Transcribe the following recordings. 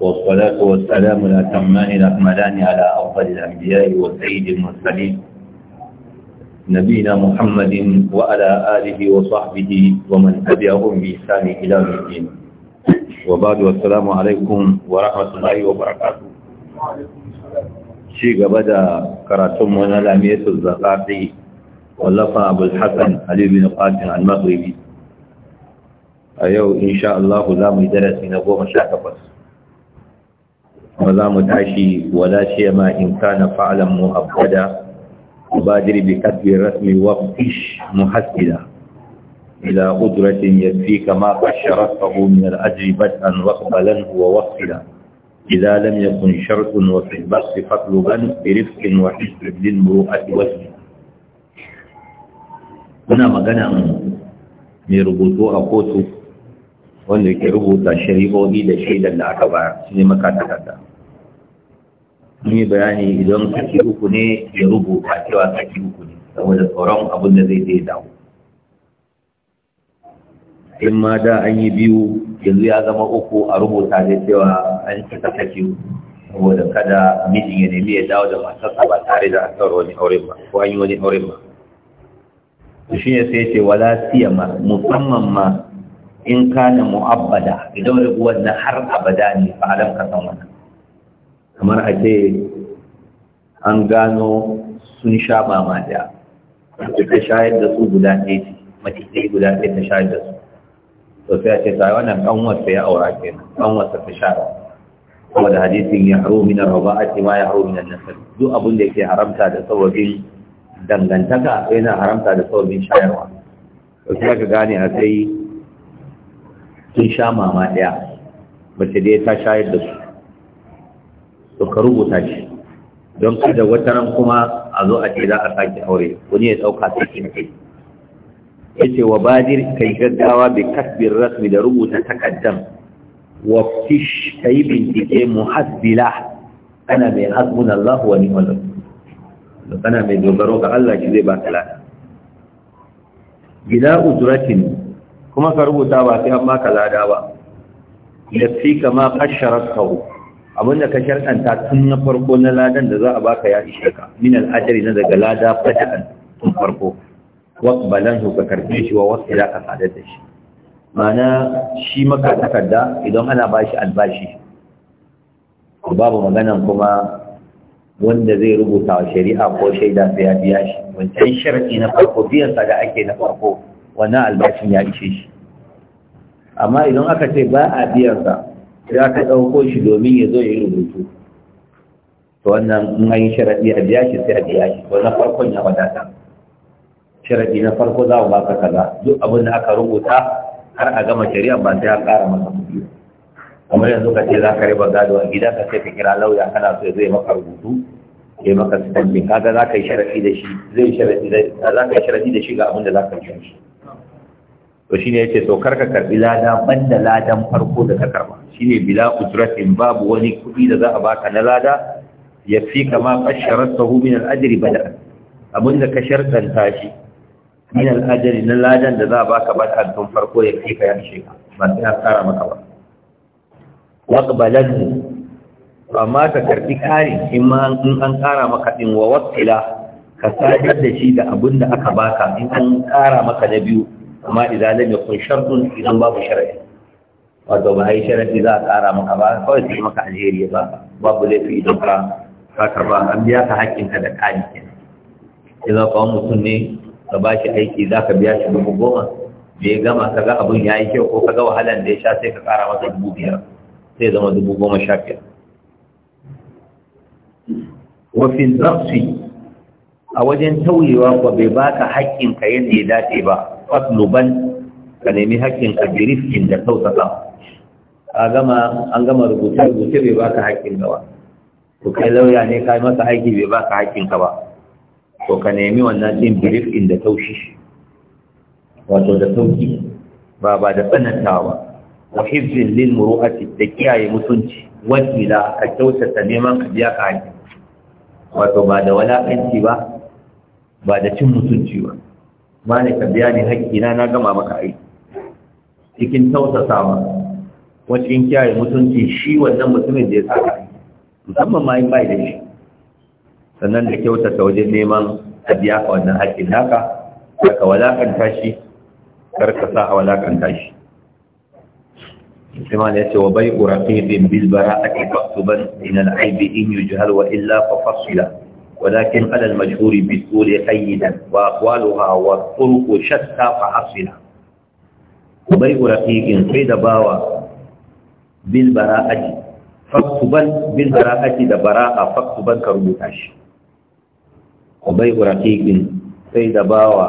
والصلاة والسلام الأتمان الأكملان على أفضل الأنبياء والسيد المرسلين نبينا محمد وعلى آله وصحبه ومن تبعهم بإحسان إلى الدين وبعد والسلام عليكم ورحمة الله وبركاته شيء بدا كراتم ونلامية الزقاقي واللقى أبو الحسن علي بن قاسم المغربي a yau insha Allah za mu yi darasi na goma sha takwas ba za mu tashi wala ce ma in kana falon mu abada ubadir bi kasbi rasmi wa fish muhasila ila qudratin yafi kama basharatu min al ajibat an waqbalan wa wasila ila lam yakun shartun wa fi basi fatluban bi rifqin wa hisbin lil mu'at wasli kuna magana mu ne rubutu a kotu wanda ke rubuta shari'o'i da shaidar da aka bayar su ne makatakata Mun yi bayani idan saki uku ne ya rubuta cewa saki uku ne saboda tsoron abin da zai zai dawo in ma da an yi biyu yanzu ya zama uku a rubuta ne cewa an cika saki uku saboda kada mijin ya nemi ya dawo da matarsa ba tare da an wani auren ba ko an yi wani aurema. ba shi ne sai ce wala siyama musamman ma in kana mu'abbada idan rubuwar na har abada ne fa alam ka san wannan kamar a ce an gano sun sha ma da ta shayar da su guda ɗaya ce mace ɗaya guda ɗaya ta shayar da su to sai a ce sai wannan kanwarsa ya aura kenan kanwarsa ta shayar kuma da hadisin ya haro minar raba'ati ma ya haro minar nasar duk abin da yake haramta da sababin dangantaka yana haramta da sababin shayarwa to sai ka gane a sai sun sha mama ɗaya mace da ta shayar da su to ka rubuta shi don ka da wata ran kuma a zo a ce za a sake aure wani ya ɗauka sai kin kai ya ce wa badir yi gaggawa bi kasbin rasmi da rubuta takaddam wa fish ka yi bincike hasbila. ana mai hasbun Allah wa ni'mal da kana mai dogaro ga Allah shi zai ba ka lada gida uzuratin kuma ka rubuta ba sai an maka lada ba fi kama qasharat kawo abinda ka shirkanta tun na farko na ladan da za a baka ya ishe ka min al'ajari na daga lada fada'an tun farko su ka karfe shi wa wasu ila ka sadar da shi mana shi maka takarda idan ana ba shi albashi babu maganan kuma wanda zai rubuta wa shari'a ko shaida sai ya biya shi wancan sharaɗi na farko biyansa da ake na farko wannan albashin ya ishe shi amma idan aka ce ba a biyansa ya ka ɗauko shi domin ya zo ya yi rubutu to wannan in an yi sharaɗi a biya shi sai a biya shi to na farkon ya wadata sharaɗi na farko za mu ba ka kaza duk abin da aka rubuta har a gama shari'a ba sai an ƙara masa kuɗi kamar yanzu ka ce za ka riba gado a gida ka sai ka kira lauya kana so ya zo ya maka rubutu ya maka stamping kaga za ka yi sharaɗi da shi zai sharaɗi da za ka yi sharaɗi da shi ga abin da za ka yi shi to shine yace to karka karbi lada banda ladan farko da ka karba shine bila ujratin babu wani kudi da za a baka na lada yafi kama qasharatahu min al-ajri bada abunda ka shartanta shi min al-ajri na ladan da za a baka bada tun farko yafi ka ya shi ba sai an tsara maka ba waqbalan amma ka karbi kari in ma an tsara maka din wa wasila ka sadar da shi da abinda aka baka in an tsara maka na biyu amma idan lam yakun shartun idan babu sharadi wato ba ai sharadi za a kara maka ba kawai sai maka alheri ba babu laifi idan ka ka karba an biya ka hakkinka da kani kenan idan kawo mutum ne ka ba shi aiki za ka biya shi dubu goma da ya gama ka ga abin ya yi kyau ko ka ga wahalar da ya sha sai ka kara masa dubu biyar sai zama dubu goma sha biyar wafin zafi a wajen tauyewa ko bai baka haƙƙinka yadda ya dace ba fatluban ka nemi haƙƙin ka bi rifkin da tausasa a gama an gama rubuce-rubuce bai baka haƙƙin gawa to kai lauya ne ka yi masa aiki bai baka haƙƙin ka ba to ka nemi wannan ɗin bi rifkin da taushi wato da sauki ba ba da tsanantawa wa hifzin lil muru'ati da kiyaye mutunci wajila ka kyautata neman ka biya ka haƙƙi wato ba da walaƙanci ba ba da cin mutunci ba wani ka biya ni haƙƙina na gama maka aiki cikin tausasa ba wani cikin kiyaye mutunci shi wannan mutumin da ya sa ka musamman ma in bai da shi sannan da kyautata wajen neman a biya ka wannan haƙƙin naka ka walakanta shi kar ka sa a walakanta shi Imam ya ce wa bai uraqiqin bil bilbara ake min inal aibi in yujhal wa illa fa fasila ولكن على المشهور بالطول قيدا وأقوالها والطرق شتى فحصنا وبيع رقيق قيد باوى بالبراءة فاكتبا بالبراءة دا براءة فاكتبا كرمتاش وبيع رقيق قيد باوى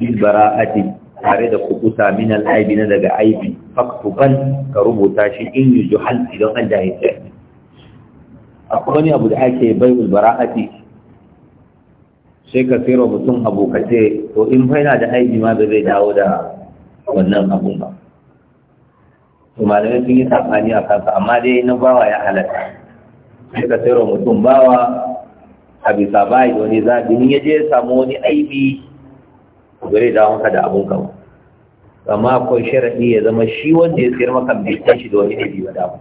بالبراءة tare da kubuta min al'aibi na daga aibi faktuban ka rubuta shi in yi juhal idan an da yake akwai wani abu da ake bai bara'ati sai ka tsira mutum abokace to in fa na da aiki ma zai dawo da wannan abun ba to malamai sun yi safani a kansa amma dai na bawa ya halatta sai ka tsira mutum bawa a bisa bayi wani zaɓi ni ya je ya samu wani aibi zai dawo ka da abun ka ba amma akwai sharaɗi ya zama shi wanda ya sayar maka bai san shi da wani aibi ba dawo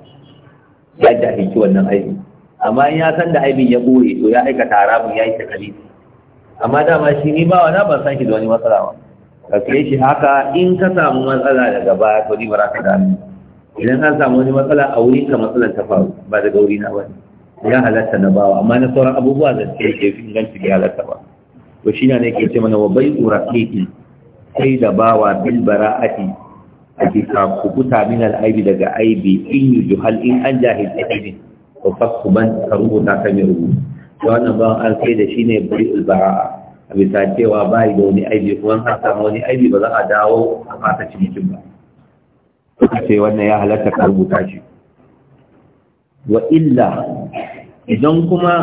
ya da wannan aibi amma in ya san da aibin ya ɓoye to ya aikata haramun ya yi takalifi amma dama shi ni ba wani ban sake da wani matsala ba ka kai shi haka in ka samu matsala daga baya to ni ba za ka idan an samu wani matsala a wuri ka matsalar ta faru ba daga wuri na bane ya halatta na bawa amma na sauran abubuwa da suke ke fi inganci da halatta ba to shi ne ke ce mana wa bai tsura keke sai da bawa bil bara'ati a ka kubuta min al'aibi daga aibi in yi juhal in an jahil ta aibi to fasku ban ka rubuta ka mai rubutu da wannan ba an sai da shi ne buri ulbara a bisa cewa ba yi da wani aibi kuma an samu wani aibi ba za a dawo a fata cikin ba suka ce wannan ya halatta ka rubuta shi wa illa idan kuma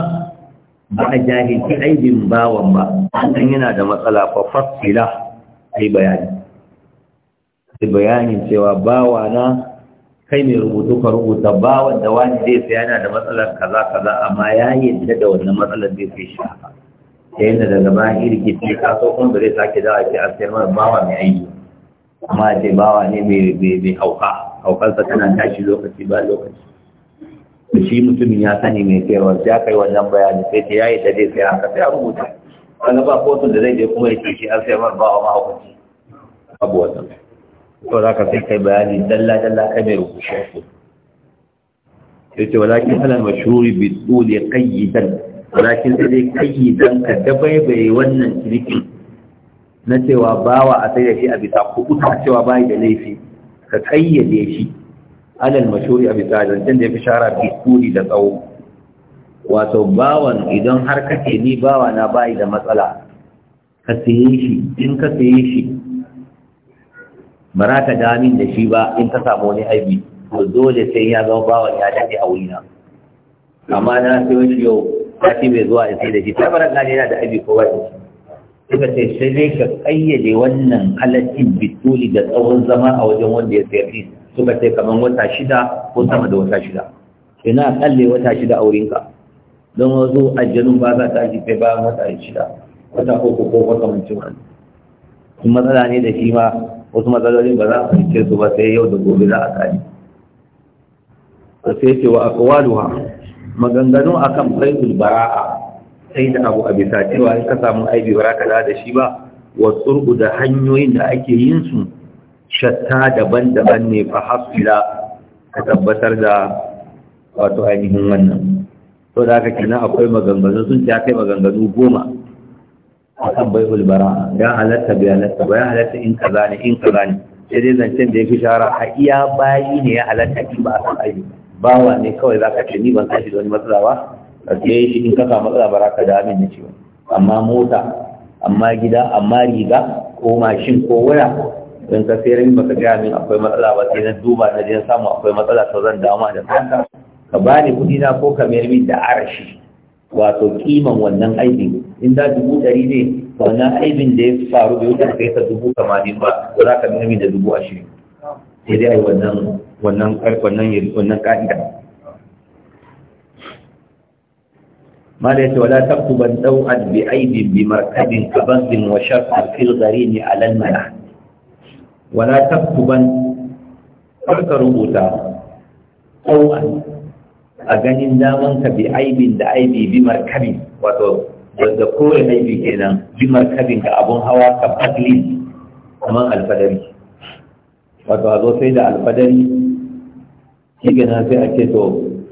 ba a jahilci aibin bawan ba wannan yana da matsala fa fasila ai bayani bayanin cewa bawa na kai mai rubutu ka rubuta ba wanda wani zai fi yana da matsalar kaza kaza amma ya yi da wannan matsalar zai fi shi haka ta yadda daga a irki ce ka so kun zai sake dawa ke a sayar mara bawa mai aiki amma ce bawa ne mai hauka haukarsa tana tashi lokaci ba lokaci da shi mutumin ya sani mai sayarwa ya kai wannan bayanin sai ta yayi da zai sayar haka sai a rubuta wani ba kotun da zai je kuma ya ce shi an sayar mara bawa mahaukaci abu wannan to za ka sai kai bayani dalla dalla kai mai rubuce shafu ya ce walakin ana mashuri bi tsuli qayyidan walakin sai dai qayyidan ka bai wannan cinikin na cewa bawa a sai da shi a bisa ta cewa bayi da laifi ka kayyade shi alal mashuri a bisa zancen da ya fi shara bitu ne da tsawo wato bawan idan har kake ni bawa na bayi da matsala ka saye shi in ka saye shi ba za ka damin da shi ba in ka samu wani aibi to dole sai ya zama bawan ya daɗe a wurina amma na sai wani yau sati mai zuwa ya sai da shi tabarar gane yana da aibi ko ba shi suka ce sai dai ka kayyade wannan halaccin bituli da tsawon zama a wajen wanda ya sayar suka ce kamar wata shida ko sama da wata shida ina kalle wata shida a wurinka don wasu aljanun ba za ta ji kai ba wata shida wata uku ko makamancin wani matsala ne da shi ma wasu matsalolin ba za a fahimce su ba sai yau da gobe za a kare sai ce wa aqwaluha maganganu akan faidul bara'a sai da abu a bisa cewa in ka samu aibi bara ka da shi ba wa da hanyoyin da ake yin su shatta daban-daban ne fa hasila ka tabbatar da wato ainihin wannan to da haka kenan akwai maganganu sun ta kai maganganu goma akan bai ulbara ya halatta bai halatta ba ya halatta in ka zane in ka zane sai dai zancen da ya fi shara a iya bayi ne ya halatta in ba a san ba bawa ne kawai za ka ce ni ban kashi da wani matsala ba ka ce shi in ka samu matsala ba ka da na ciwo amma mota amma gida amma riga ko mashin ko waya don ka sayar min baka gaya min akwai matsala ba sai na duba na je samu akwai matsala ta zan dama da kanka ka bani ni kuɗi na ko ka mayar min da arashi wato kiman wannan aibin in da dubu ɗari ne wannan aibin da ya faru bai wuce kai ta dubu tamanin ba ba za ka nemi da dubu ashirin sai dai ai wannan wannan wannan wannan ka'ida ما ليس ولا تكتبا دوءا بعيب بمركب كبز وشرط في الغريم على المنع ولا تكتبا ترك ربوتا دوءا a ganin daman ka bi aibin da aibi bi markabi wato da kore aibi kenan bi markabin ga abun hawa ka fadli kamar alfadari wato a zo sai da alfadari shi gina sai a ce to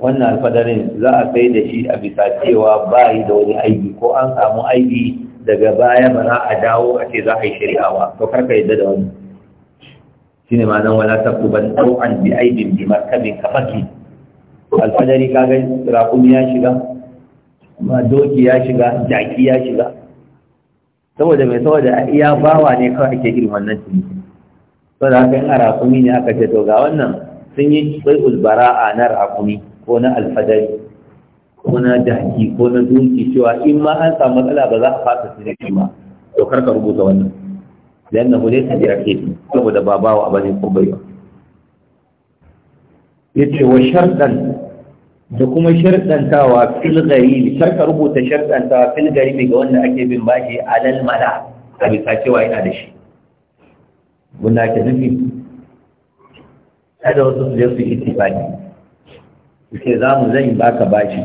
wannan alfadarin za a sai da shi a bisa cewa ba yi da wani aibi ko an samu aibi daga baya ba za a dawo a ce za a yi shari'a ba to karka yadda da wani shi ne ma nan wala ta kuban ɗau'an bi aibin bi markabin ka fadli alfajari kaga raƙumi ya shiga ma doki ya shiga jaki ya shiga saboda mai saboda iya bawa ne kawai ake irin wannan ciniki saboda haka yin a raƙumi ne aka ce to ga wannan sun yi ulbara ulbara'a na raƙumi ko na alfajari ko na jaki ko na doki cewa in ma an samu matsala ba za a fasa ne ba to kar ka rubuta wannan da yanna ku dai ta jirage saboda ba bawa bane ko baiwa yace wa sharɗan da kuma sharɗantawa fil gari sarka rubuta sharɗantawa fil gari ga wanda ake bin bashi alal mala a bisa cewa yana da shi wanda ake nufi kada wasu su su yi itibani sai za mu zan baka bashi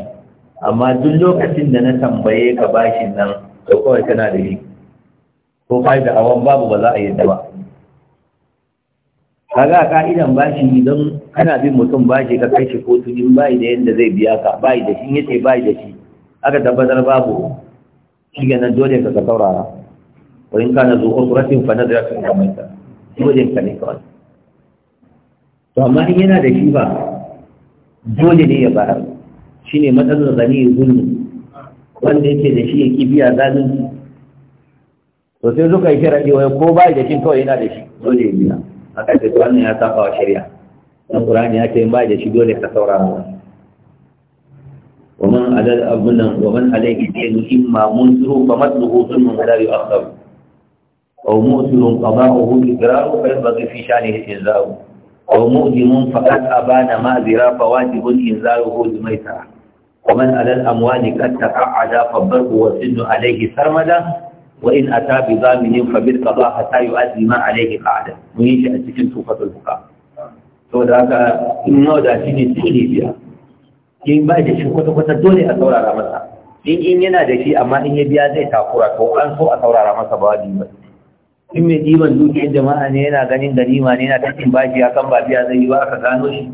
amma duk lokacin da na tambaye ka bashin nan to kawai kana da shi ko kai da awan babu ba za a yadda ba kaga ka'idan bashi idan kana bin mutum bashi ka kai shi kotu in bai da yadda zai biya ka bai da shi yace bai da shi aka tabbatar babu shi nan dole ka saurara wa in kana zuwa usratin fa nadratun ka mai ta dole ka ne kawai to amma in yana da shi ba dole ne ya shi ne matsalar gani zulmi wanda yake da shi ya kibiya zalunci to sai suka yi sharaɗi wai ko bai da shi kawai yana da shi dole ya biya aka ce wannan ya saba wa shari'a dan qur'ani ya ce in ba da shi dole ka saurara wani wa man alal abunan wa man alayhi dinu imma munzuru fa matluhu sunnun la yu'akhkhar aw mu'tirun qada'uhu iqraru fa yanbaghi fi shanihi inzaru aw mu'dimun faqad abana ma'zira fa wajibun inzaruhu limaytara ومن على الأموال قد تقعد فالضرب والسن عليه سرمدا Wa za mu yi a وإن أتى yi فبالقضاء حتى يؤدي ما عليه قاعدة وينشأ yi توفة الفقهاء فذاك إن ودا شيء سيني بها in ba da shi kwata-kwata dole a saurara masa in in yana da shi amma in ya biya zai takura to an so a saurara masa ba wajibi ba in mai diban dukiyar jama'a ne yana ganin da ganima ne yana tashin bashi ya kan ba biya zai yi ba aka gano shi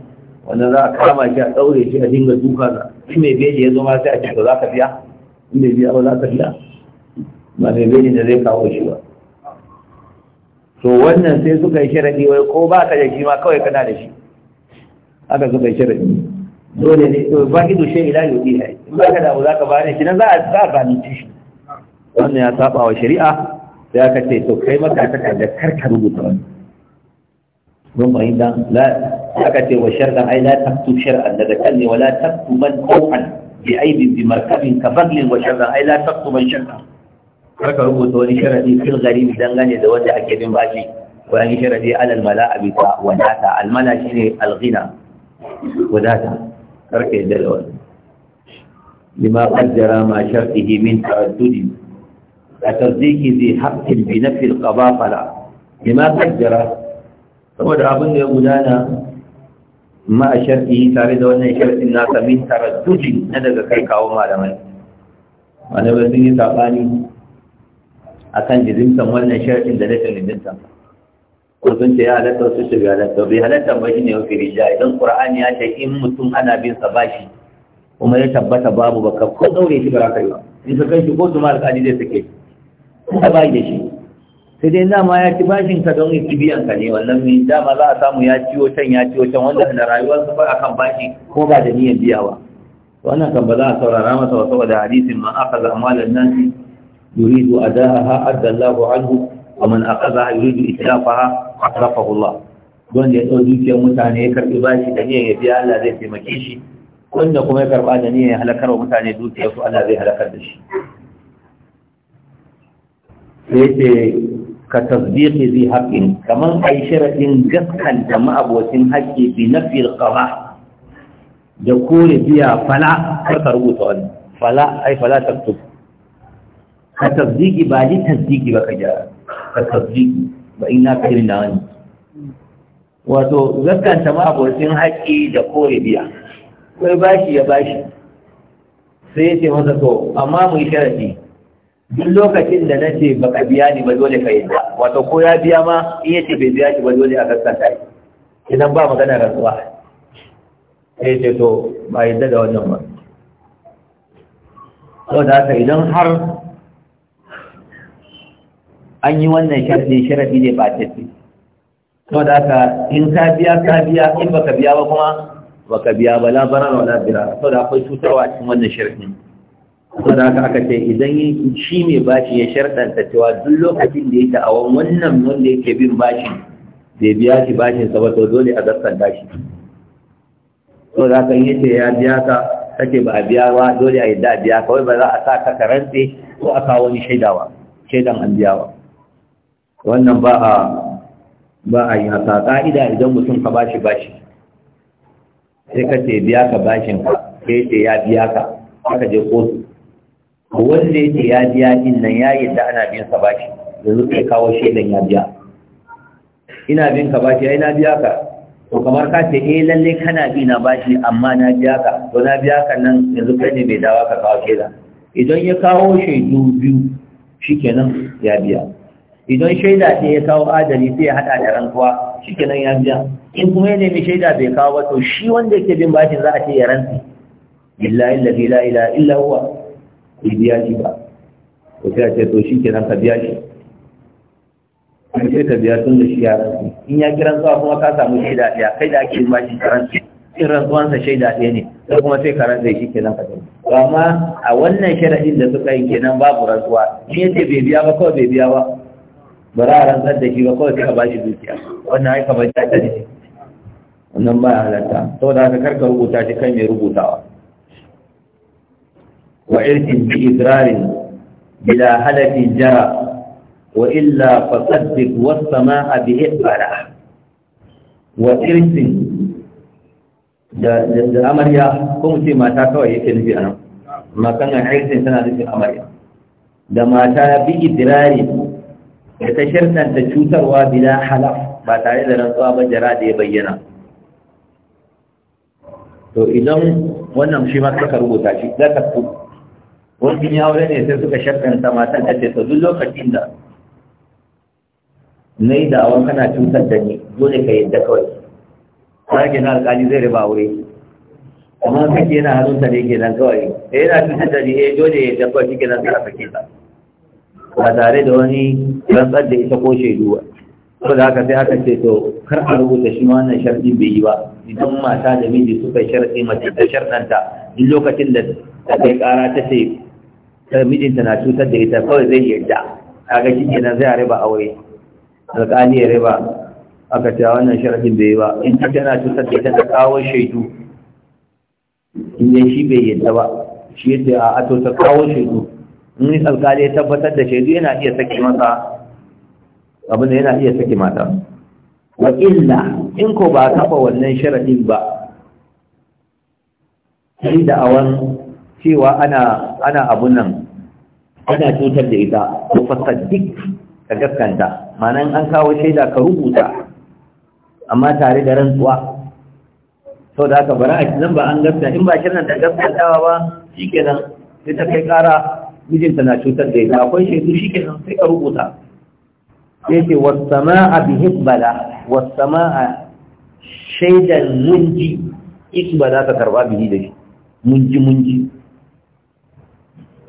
Wannan za a kama shi a ɗaure shi a dinga duka in mai biya ya zo ma sai a ce ba za ka biya in mai biya ba za ka biya ba mai belin da zai kawo shi ba to wannan sai suka yi sharaɗi wai ko ba ka da shi ma kawai kana da shi haka suka yi sharaɗi dole ne to ba ki dushe ila yau ne in ba ka da abu za ka bani shi nan za a za a shi wannan ya saba wa shari'a sai aka ce to kai maka ta kada karka rubuta wani don fahimta la aka ce wa sharɗan ai la taktu shar'an daga kan ne wa la taktu man tawhan bi aibin bi markabin ka wa sharɗan ai la taktu man sharɗan karka rubuta wani sharadi fil gari dangane da wanda ake bin bashi ko an yi sharadi alal mala abita wadata al mala shine al ghina wadata karka yadda da wani lima qaddara ma shartihi min taraddudi atasdiki bi haqqin bi nafi al qada fala lima qaddara saboda abin da ya gudana ma a shartihi tare da wannan shartin nasa min taraddudi na daga kai kawo malamai malamai sun yi sabani akan jirimtan wannan sharaɗin da rashin jizimtan ko sun ce ya halatta wasu su halatta bai halatta ba shi ne wa firija idan ƙura'ani ya ce in mutum ana bin sa bashi kuma ya tabbata babu ka ko daure shi ba za ka yi ba in ka kai shi ko zuma alƙali zai suke shi ka ba da shi sai dai dama ya ci bashin ka don yin kibiyan ka ne wannan mai dama za a samu ya ciwo can ya ciwo can wanda na rayuwar su ba kan bashi ko ba da niyyar biya ba wannan kan ba za a saurara masa wasu da hadisin ma aka zamalar nan يريد أداءها أدى الله عنه ومن أخذها يريد إتلافها أتلافه الله don ya ɗau dukiyar mutane ya karɓi bashi da niyan ya biya Allah zai taimake shi wanda kuma ya karɓa da niyan ya halakar wa mutane dukiyar su Allah zai halakar da shi sai ce ka tasbiqi zai Kamar a yi ai gaskan gaskanta ma'abocin haƙƙi bi nafil qada da kore biya fala kar ka rubuta wani, fala ai fala taktub ka tasdiki ba ji tasdiki ba ka gyara ka tasdiki ba ina kirin da wani wato gaskanta ma abokin haƙƙi da kore biya kai bashi ya bashi sai ya ce masa to amma mu yi sharadi duk lokacin da na ce ba ka biya ni ba dole ka yi ba wato ko ya biya ma in ya ce bai biya shi ba dole a gaskanta yi idan ba magana rantsuwa sai ce to ba yadda da wannan ba sau da haka idan har an yi wannan sharadi sharadi ne ba tafi to da aka in ka biya ka biya in baka biya ba kuma baka biya ba la barara labira dira da akwai cutarwa cikin wannan sharadin to da haka aka ce idan shi mai bashi ya sharadanta cewa duk lokacin da ta awon wannan wanda yake bin bashin bai biya shi bashin sa ba to dole a zartar bashi to da yi ce ya biya ka kake ba a biya ba dole a yi a biya kawai ba za a sa ka karanta ko a kawo ni shaidawa shaidan an biya ba wannan ba a ba a yi haka ka'ida idan mutum ka bashi bashi sai ka ce biya ka bashin ka sai ce ya biya ka aka je kotu wanda ya ce ya biya din nan ya da ana biyan sa bashi yanzu kai kawo shaidan ya biya ina bin ka bashi ai na biya ka to kamar ka ce eh lalle kana bi na bashi amma na biya ka to na biya ka nan yanzu kai ne mai dawa ka kawo shaida idan ya kawo shaidu biyu shikenan ya biya idan shaida ce ya kawo adali sai ya hada da rantsuwa nan ya biya in kuma ya nemi shaida bai kawo ba to shi wanda yake bin bashin za a ce ya rantsi billahi allazi la ilaha illa huwa bai biya shi ba ko sai a ce to nan ka biya shi an sai ka biya tun da shi ya rantsi in ya kiran zuwa kuma ka samu shaida ɗaya kai da ake bashin bashi karanci in rantsuwansa shaida ɗaya ne sai kuma sai ka rantsa shi kenan ka tafi amma a wannan sharaɗin da suka yi kenan babu rantsuwa in ya bai biya ba kawai bai biya ba ba za a rantsar da shi ba kawai sai ka ba shi dukiya wannan ai kamar ta ne wannan ba halatta saboda haka karka rubuta shi kai mai rubutawa wa irkin bi idrarin bila halafin jara wa illa fasaddiq was samaa bi ibara wa irkin da amarya ko mu ce mata kawai yake nufi anan makan irkin tana nufin amarya da mata bi idrarin ya ta da cutarwa bila halaf ba tare da rantsuwa ba jira da ya bayyana to idan wannan shi ma suka rubuta shi za ka fi wani ya aure ne sai suka shirɗanta matan ta ce to duk lokacin da na yi dawa kana cutar da ni dole ka yadda kawai sake na alƙali zai riba aure amma kake yana hannunta ne kenan kawai eh, yana cutar da ni eh, dole ya yadda kawai shi ke nan a ke ta ba tare da wani rantsar da ita ko shaidu ba ko da haka sai aka ce to kar a rubuta shi ma wannan sharɗin bai yi ba idan mata da miji suka yi sharɗi mace ta sharɗanta duk lokacin da ta kai ƙara ta ce mijinta na cutar da ita kawai zai yarda kaga shi kenan zai riba aure alƙali ya riba aka ce wannan sharɗin bai yi ba in ta tana cutar da ita ta kawo shaidu in shi bai yarda ba shi yadda a to ta kawo shaidu Ni alkali ya tabbatar da shaidu yana iya saki masa abinda yana iya saki mata wa illa in ko ba kafa wannan sharadin ba sai da awan cewa ana ana abun nan ana cutar da ita ko fasaddik ka gaskanta manan an kawo shaida ka rubuta amma tare da rantsuwa sau da aka bara a nan ba an gaskanta in ba shirin da gaskantawa ba shikenan sai ta kai kara mijinta na cutar da ita akwai shaidu shi nan sai ka rubuta Ya ce wasama a bihibbala wasama a shaidan munji ba za ka karba bihi da shi munji munji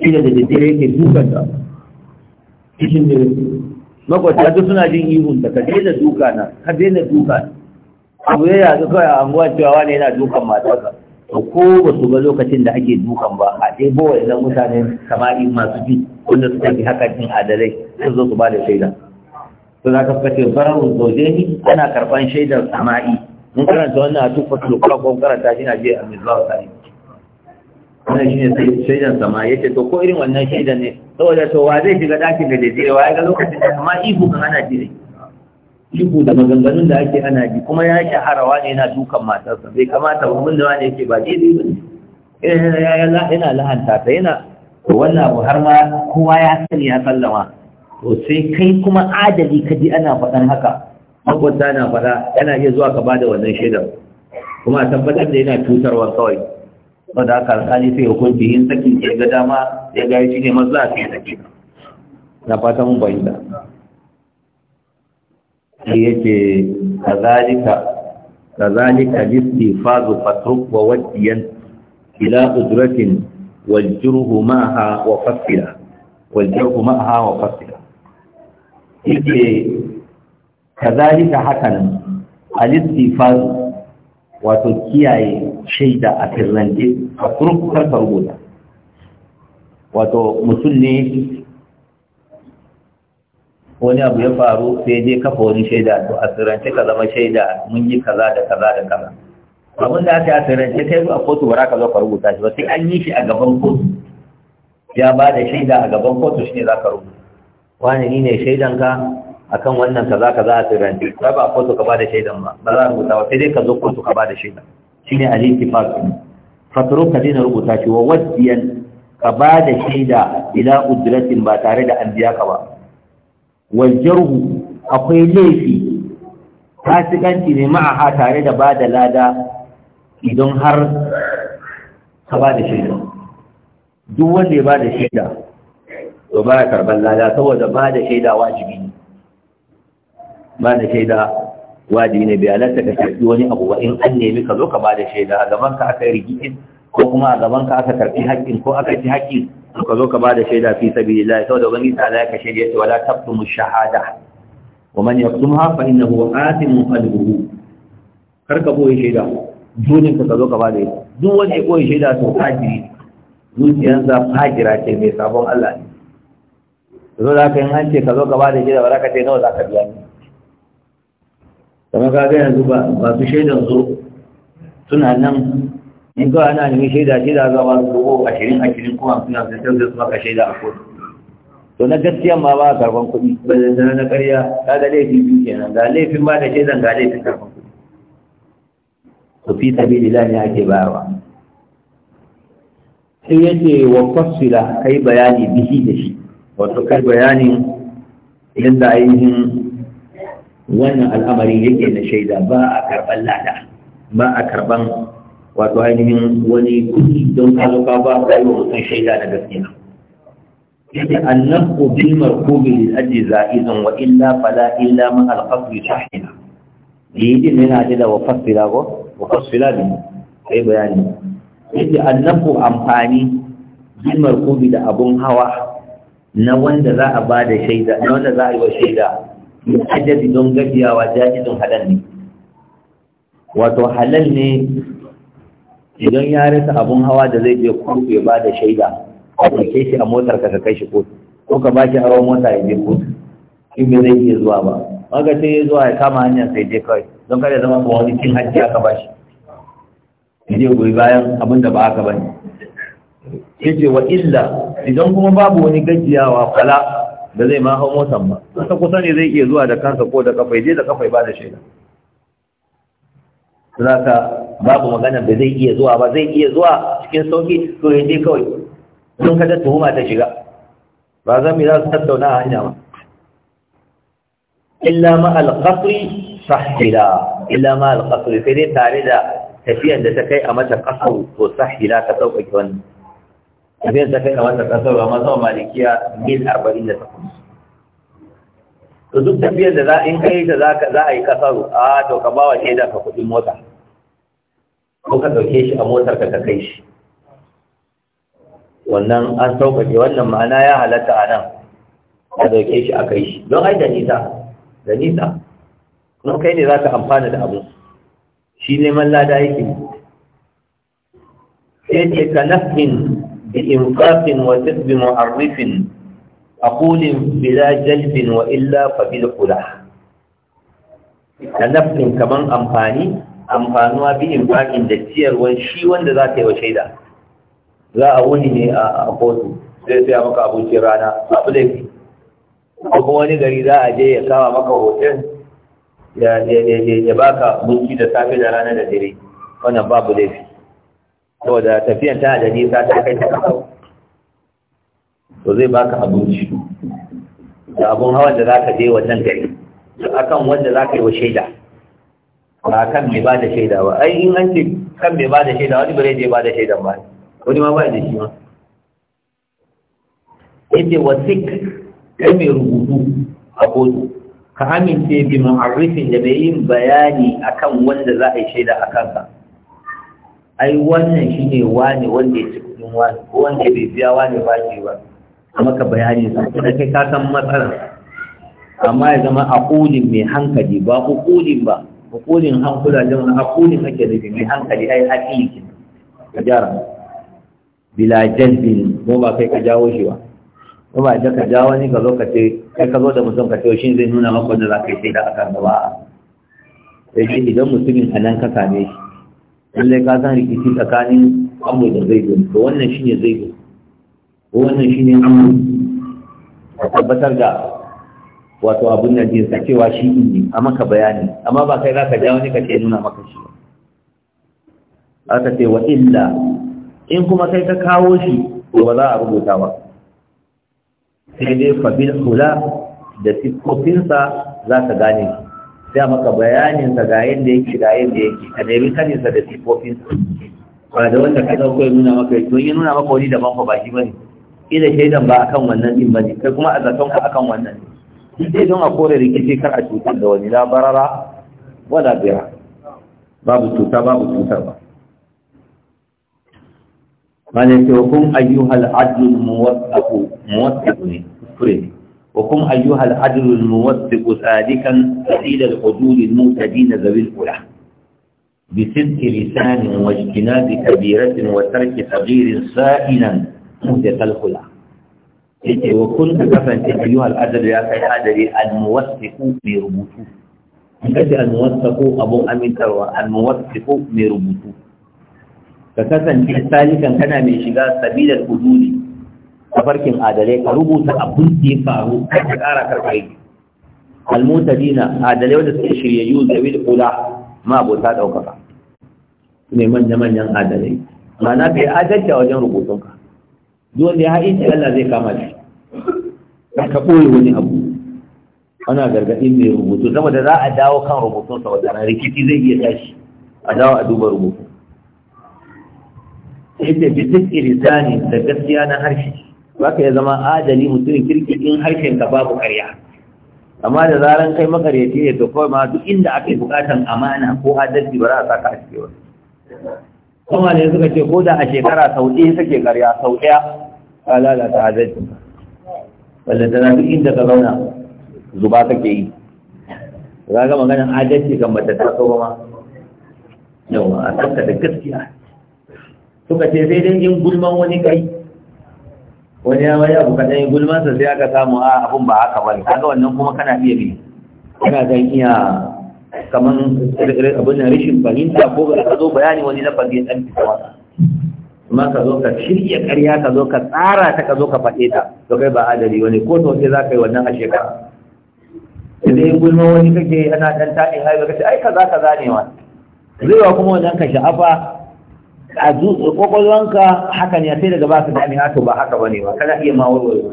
ina da daddare yake dukan ta cikin da makwata duk suna jin ihun da ka daina duka na ka daina duka na abu ya yanzu kawai a anguwa cewa wani yana dukan matarsa to ko ba su ga lokacin da ake dukan ba a ɗebo wa idan mutane sama'i masu bi wanda suka bi haka jin adalai su zo su ba da shaida to za ka fice bararun zaune ni ana karɓan shaidar sama'i mun karanta wannan a tufa su kula ko karanta shi na je a mizwa sani wannan shi ne shaidan sama'i yake to ko irin wannan shaidan ne saboda to wa zai shiga ɗakin da daidai wa ya ga lokacin da sama'i ku kan ana jire ihu da maganganun da ake ana bi kuma ya harawa ne na dukan matarsa bai kamata ba mun da wani yake ba ne eh, yana lahanta ta yana wannan abu har ma kowa ya sani ya sallama to sai kai kuma adali ka ji ana faɗan haka makwabta na faɗa yana iya zuwa ka ba da wannan shaidar kuma a tabbatar da yana cutarwa kawai ba da haka alƙali sai hukunci yin sakin ke ga dama ya gaya shi ne maza a fiye na fata mun bayyana ya shi yake kazalika jiski fazo fatruk wa wajiyan ila udratin wajruhu ma'aha wa fasila wajruhu ma'aha wa fasila yake kazalika hakan fazo wato kiyaye shaida a firlance fatruk karka rubuta wato musulmi wani abu ya faru sai je kafa wani shaida to a sirance ka zama shaida mun yi kaza da kaza da kaza abin da aka yi asirance kai a kotu ba za ka zo ka rubuta shi ba sai an yi shi a gaban kotu ya ba da shaida a gaban kotu shine za ka rubuta wani ni ne shaidan ka kan wannan kaza kaza a sirrance ba ba kotu ka ba da shaidan ba ba za a rubuta ba sai dai ka zo kotu ka ba da shaidan shine al-ittifaq fatro ka daina rubuta shi wa wajiyan ka ba da shaida ila udratin ba tare da an biya ka ba wajarhu akwai laifi fasikanci ne ma'aha tare da ba da lada idan har ka ba da shaida duk wanda ya ba da shaida to ba ya karɓar lada saboda ba da shaida wajibi ne ba da shaida wajibi ne bai halatta ka shaɗi wani abu ba in an nemi ka zo ka ba da shaida a gaban ka aka yi rigidin ko kuma a gaban ka aka karbi haƙƙin ko aka ci haƙƙin ka zo ka ba da shaida fi sabilillah saboda ubangiji ta Allah ya kashe ya ce wala taqtumu shahada wa man yaqtumha fa innahu athimu qalbuhu kar ka boye shaida dole ka zo ka ba da ita duk wanda ya boye shaida to kafiri zuciyarsa fajira ce mai sabon Allah ne zo da ka yin hanci ka zo ka da shi da ba za ka ce nawa za ka biya ni kamar ka ga yanzu ba su shaidan zo suna nan in kawai ana neman shaida shaida za a dubu ashirin ashirin kuma suna da sai su maka shaida a kotu to na gaskiya ma ba a karban kuɗi ba da na ƙarya ta ga laifin biyu kenan ga laifin ba da shaidan ga laifin karban kuɗi to fi sabilillah ne ake bayarwa sai yace wa fasila kai bayani bihi da shi wato kai bayanin yadda ainihin wannan al'amari yake na shaida ba a karban lada ba a karban wato ainihin wani kuɗi don kaluka ba a yi wa mutum shaida na gaskiya yadda annan ko bil markubi lil ajli za'izan wa illa fala illa ma al qasri yi din yana jira wa fasfila ko wa fasila ka yi bayani yadda annan ko amfani bimar ko da abun hawa na wanda za a ba da shaida na wanda za a yi wa shaida mu ajli don gajiyawa ja'izun halal ne wato halal ne idan ya rasa abun hawa da zai je kotu ya ba da shaida a ɗauke shi a motar ka kai shi kotu ko ka ba shi hawan mota ya je kotu in bai zai iya zuwa ba haka sai ya zuwa ya kama hanyar sai je kawai don kada zama ba wani cin hajji aka ba shi ya je goyi bayan abin da ba aka ba ne ya ce wa illa idan kuma babu wani gajiyawa fala da zai ma hau motan ba kusa kusa ne zai iya zuwa da kansa ko da ya je da ya ba da shaida don haka babu magana da zai iya zuwa ba zai iya zuwa cikin sauki to ya je kawai sun kada tuhuma ta shiga ba zan mi za su tattauna a hanya ba illa ma alqasri sahila illa ma alqasri sai dai tare da tafiyan da ta kai a mata kasau to sahila ta sauƙaƙe wannan tafiyan ta kai a mata ba amma zama malikiya mil arba'in da takwas to duk tafiyar da za in kai ta za a yi kasaro a to ka ba wa shaida ka kuɗin mota ko ka ɗauke shi a motar ka ka kai shi wannan an sauƙaƙe wannan ma'ana ya halatta a nan ka ɗauke shi a kai shi don ai da nisa da nisa kuma kai ne za ka amfana da abu shi neman lada yake sai ce ka nafin bi infafin wa tisbi mu'arrifin أقول بلا جلب وإلا فبالقلع لنفس كمان أمفاني أمفانوا بإمفان إن دكتير وانشي وان ذاته وشيدا لا أقول إني أقول a أمك أبو جيرانا maka abincin rana abu laifi ko kuma wani gari za a je ya kama maka hotel ya baka abinci da safi da rana da dare wannan babu laifi saboda tafiyan ta da nisa ta kai ta kawo to zai baka abinci da abun hawa da zaka je wajen gari akan wanda zaka yi wa shaida ba kan mai ba da shaida ba ai in an ce kan mai ba da shaida wani bare je ba da shaidan ba wani ma ba da shi ma yace wasik kai mai rubutu a kotu ka amince bi mu'arrifin da mai yin bayani akan wanda za a yi shaida a kansa ai wannan shine wani wanda ya ci kudin wani ko wanda bai biya wani shi ba a maka bayani su kuma kai ka san matsala amma ya zama aqulin mai hankali ba uqulin ba uqulin hankula da aqulin ake da mai hankali ai haƙiƙi ki jara bila jazbin ko ba kai ka jawo shi ba ko ba da ka jawo ni ka zo ka ce kai ka zo da mutum ka ce shi zai nuna maka wanda za ka yi sai da ba gaba sai shi idan mutumin a nan ka same shi lallai ka san rikici tsakanin abu da zai to wannan shine zai wannan shi ne amma ka tabbatar da wato abin da jinsa cewa shi ne a maka bayani amma ba kai za ka ja wani ka ce nuna maka shi aka ce wa illa in kuma kai ka kawo shi ko ba za a rubuta ba sai dai fabil kula da sikofinsa za ka gane shi sai maka bayanin sa ga yadda yake ga yadda yake ka nemi saninsa da sikofinsa ba da wanda ka ɗauko ya nuna maka to ya nuna maka wani daban ba shi ba ne ina shaidan ba akan wannan din bane kai kuma a zaton ka akan wannan din sai don a kore rikici kar a cutar da wani labarara wala bira babu cuta babu cutar ba mane ce wa kun ayyuhal adlul muwaffaqu muwaffaqu ne kure ne wa kun ayyuhal adlul muwaffaqu sadikan ila al-hudud al-mu'tadin zawil ula بصدق لسان واجتناب كبيرة وترك صغير سائلا da kalkula yake wa kun da kasance biyu adal ya kai hadari almuwassiqu mai rubutu kace almuwassiqu abun amintarwa almuwassiqu mai rubutu ka kasance salikan kana mai shiga sabilar A farkin adalai ka rubuta abun da ya faru ka kara karkai almutadina adalai wanda suke shiryayyu da wil ula ma abota daukaka ne manya manyan adalai na bai adalci a wajen rubutunka duk wanda ya haɗinci Allah zai kama shi da ka ɓoye wani abu ana gargaɗin mai rubutu saboda za a dawo kan rubutunsa wata ran rikici zai iya tashi a dawo a duba rubutu sai da bitin irisani da gaskiya na harshe ba ka ya zama adali mutumin kirki in harshen ka babu karya amma da zaran kai makaryaci ne to kawai ma duk inda aka yi bukatan amana ko adalci ba za a saka a cikin wani kuma ne suka ce ko da a shekara sau ɗaya suke karya sau ɗaya ka lalata adalci wanda tana duk inda ka zauna zuba kake yi za ka maganin adalci kan bata ta kawo ma yawa a tsakka da gaskiya suka ce sai dai in gulman wani kai wani ya wani abu kaɗan gulmansa sai aka samu a abun ba haka ba kaga wannan kuma kana iya bi kana zan iya kamar abin da rashin fahimta ko ga ka zo bayani wani na fage ɗan fitawa amma ka zo ka shirya ƙarya ka zo ka tsara ta ka zo ka faɗe ta to kai ba adali wani ko to sai za ka yi wannan a shekara idan gulma wani kake ana ɗan taɗin haihuwa ka ce ai kaza kaza ne wa zai wa kuma wannan ka sha'afa a kwakwalwanka haka ne a sai daga ba ka dami ah, to ba haka ba ne ba kana iya ma wani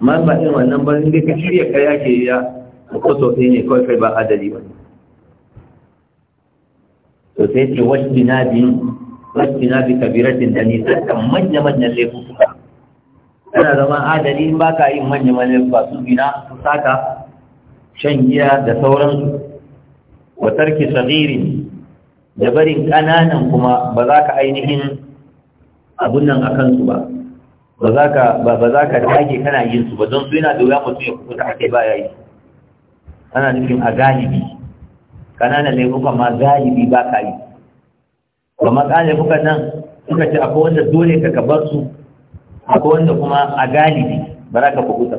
amma ba irin wannan ba ne ka shirya kaya ke ya ko sau ne kawai kai ba adali ba ne to sai ce wasu wasu na bi kabiratin da manya manyan laifuka kana zama adali in baka yin manya manyan laifuka su gina su saka shan giya da sauransu wa tarki sagirin da barin kananan kuma ba za ka ainihin abun nan a kansu ba ba za ka dage kana yin su ba don su yana da wuya mutum ya kuka ta yi ba yi ana nufin a galibi kananan laifukan ma galibi ba ka yi kuma laifukan nan suka ce akwai wanda dole ka ka bar su akwai wanda kuma a galibi ba za ka kubuta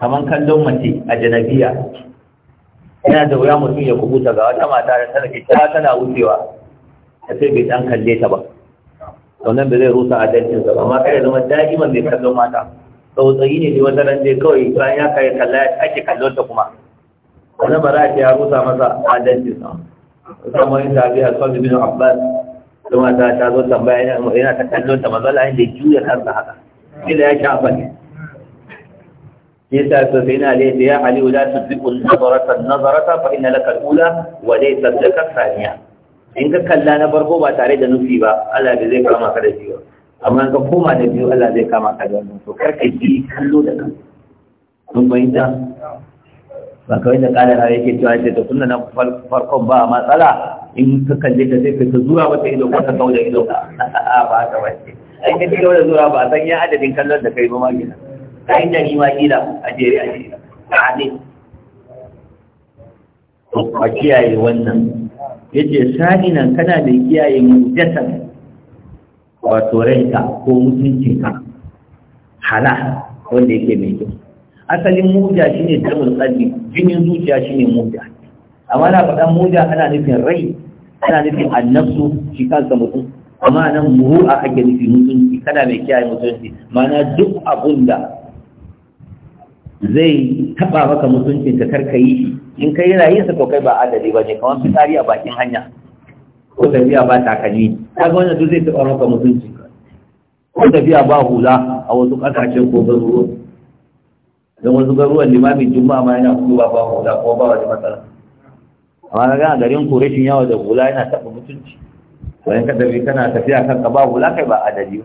kamar kallon mace a janabiya yana da wuya mutum ya kubuta ga wata mata da tana kyakkyawa tana wucewa da sai bai dan kalle ta ba wannan bai zai rusa adalcin sa ba amma kai zama da'iman mai kallon mata tsautsayi ne ne wata ran dai kawai bayan ya kai kalla ya ake kallon ta kuma wani bara ya rusa masa adalcinsa musamman yin tabi a sami bin abbas da mata ta zo tambaya yana ta kallon ta mazala yin da juya kansa haka ila ya shafa ne yasa sosai na da ya aliyu la tudriku nazarata nazarata fa inna laka al-ula wa laysa laka thaniya in ka kalla na farko ba tare da nufi ba Allah bai zai kama ka da biyu amma in ka koma da biyu Allah zai kama ka da wannan to karka ji kallo da kan kun bayyana ba kawai da kada na yake cewa ce da kunna na farkon ba matsala in ka kalle ta sai ka zuwa wata ido ko ta kau da ido a ba ta wace an ka cigaba da zuwa ba a san ya adadin kallon da kai ba ma gina ta yi ni ma gida a jere a jere a ne. a kiyaye wannan ya ce sa'inan kana da kiyaye mu jasan wato ranka ko mutuncinka hala wanda yake mai kyau asalin muja shine damul qalbi jinin zuciya shine muja amma na faɗan muja ana nufin rai ana nufin annabsu shi kansa mutum amma nan a ake nufi mutunci kana mai kiyaye mutunci mana duk abun da zai taba maka mutuncin ka karka yi in kai yana yin sa to kai ba adali ba ne kamar tsari a bakin hanya ko tafiya ba takalmi kaga wannan duk zai taba maka mutuncin ko tafiya ba hula a wasu kasashen ko garuruwa don wasu garuwan limamin juma'a ma yana kuwa ba hula ko ba wani matsala amma ga a garin ko rashin yawa da hula yana taɓa mutunci bayan ka tafi kana tafiya kan ka ba hula kai ba adali